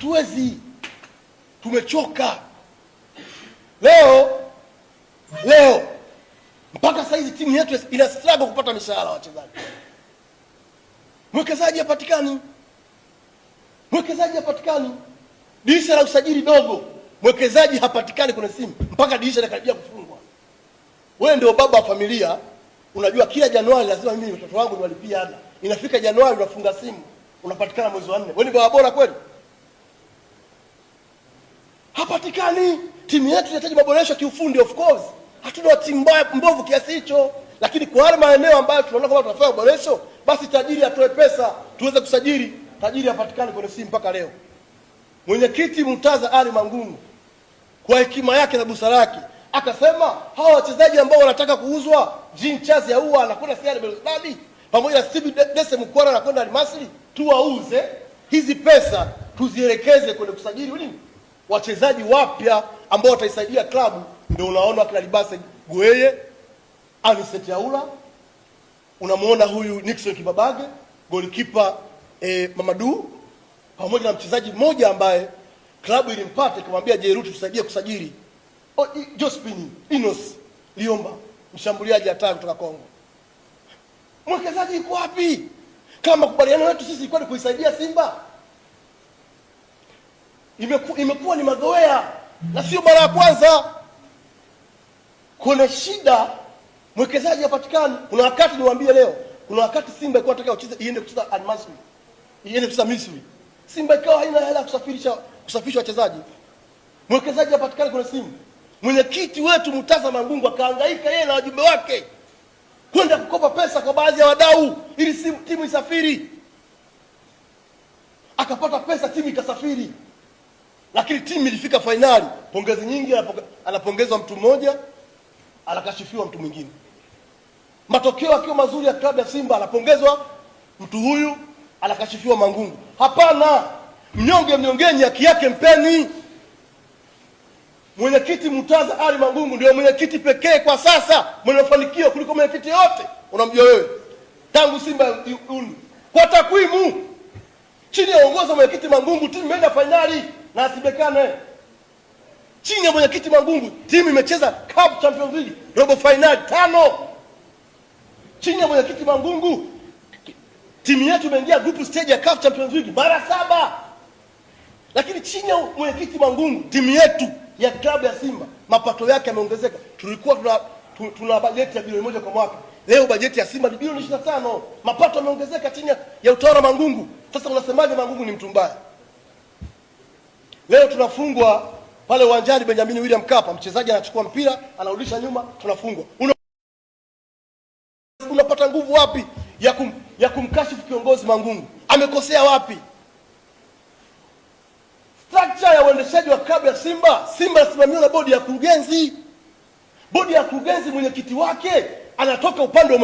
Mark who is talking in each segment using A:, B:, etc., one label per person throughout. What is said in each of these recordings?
A: hatuwezi, tumechoka. Leo leo mpaka sasa hizi timu yetu ina struggle kupata mishahara wachezaji, mwekezaji hapatikani, mwekezaji hapatikani, dirisha la usajili dogo, mwekezaji hapatikani kwenye simu mpaka dirisha linakaribia kufungwa. Wewe ndio baba wa familia, unajua kila Januari lazima mimi watoto wangu niwalipie ada. Inafika Januari unafunga simu, unapatikana mwezi wa nne. Wewe ni baba bora kweli? hapatikani. Timu yetu inahitaji maboresho kiufundi, of course hatuna timu mbaya mbovu kiasi hicho, lakini kwa wale maeneo ambayo tunaona kama tunafanya maboresho, basi tajiri atoe pesa tuweze kusajili. Tajiri hapatikani kwenye simu mpaka leo. Mwenyekiti Mtaza Ali Mangungu kwa hekima yake na busara yake akasema hawa wachezaji ambao wanataka kuuzwa, Jean Charles Ahoua anakwenda Real Belouizdad pamoja na Steve Dese Desem anakwenda Al Masry, tuwauze, hizi pesa tuzielekeze kwenye kusajili nini wachezaji wapya ambao wataisaidia klabu, ndio unaona kina Libase Goeye, Aniset Yaula, unamwona huyu Nixon Kibabage golikipa e, eh, Mamadu pamoja na mchezaji mmoja ambaye klabu ilimpata ikamwambia Jeruti, tusaidie kusajili o, oh, Jospin Inos Liomba, mshambuliaji hatari kutoka Kongo. Mwekezaji yuko wapi? Kama kubaliana wetu sisi kwani kuisaidia Simba imeku, imekuwa ni mazoea na sio mara ya kwanza. Kuna shida, mwekezaji hapatikani. Kuna wakati niwaambie leo, kuna wakati Simba ilikuwa inataka ucheze iende kucheza Almasri, iende kucheza Misri, Simba ikawa haina hela kusafirisha kusafirisha wachezaji, mwekezaji hapatikani kwenye Simba. Mwenyekiti wetu Murtaza Mangungu akahangaika yeye na wajumbe wake kwenda kukopa pesa kwa baadhi ya wadau ili timu isafiri, akapata pesa, timu ikasafiri lakini timu ilifika fainali, pongezi nyingi, anapongezwa mtu mmoja, anakashifiwa mtu mwingine. Matokeo akiwa mazuri ya klabu ya Simba anapongezwa mtu huyu, anakashifiwa Mangungu. Hapana, mnyonge mnyongeni, haki yake mpeni. Mwenyekiti Murtaza Ali Mangungu ndio mwenyekiti pekee kwa sasa mwenye mafanikio kuliko mwenyekiti yote, unamjua wewe, tangu Simba uni, kwa takwimu chini ya uongozi wa mwenyekiti Mangungu timu imeenda fainali na asibekane chini ya mwenyekiti Mangungu. Timu imecheza Cup Champions League robo final tano chini ya mwenyekiti Mangungu. Timu yetu imeingia group stage ya Cup Champions League mara saba, lakini chini ya mwenyekiti Mangungu timu yetu ya klabu ya Simba mapato yake yameongezeka. Tulikuwa tuna, tuna bajeti ya bilioni moja kwa mwaka, leo bajeti ya Simba ni bilioni 25. Mapato yameongezeka chini ya utawala Mangungu. Sasa unasemaje Mangungu ni mtu mbaya? Leo tunafungwa pale uwanjani Benjamin William Mkapa, mchezaji anachukua mpira anarudisha nyuma, tunafungwa. Unapata nguvu wapi ya, kum, ya kumkashifu kiongozi Mangungu? Amekosea wapi? Structure ya uendeshaji wa klabu ya Simba, Simba inasimamiwa na bodi ya kurugenzi. Bodi ya kurugenzi, mwenyekiti wake anatoka upande wa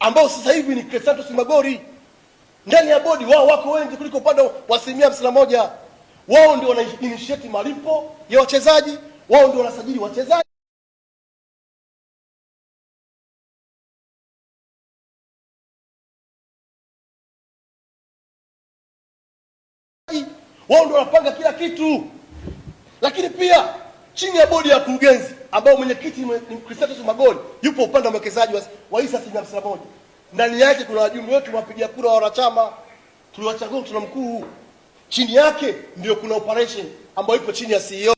A: ambao sasa hivi ni Clesanto Simagori ndani ya bodi wao wako wengi kuliko upande wa asilimia hamsini na moja. Wao ndio wanainitiate malipo ya wachezaji, wao ndio wanasajili wachezaji. wao ndio wanapanga kila kitu, lakini pia chini ya bodi ya kurugenzi ambao mwenyekiti ni Kristatus Magoli yupo upande wa mwekezaji wa hisa asilimia hamsini na moja ndani yake kuna wajumbe wetu wapiga kura wa wanachama tuliwachagua tuna mkuu, chini yake ndio kuna operation ambayo ipo chini ya CEO.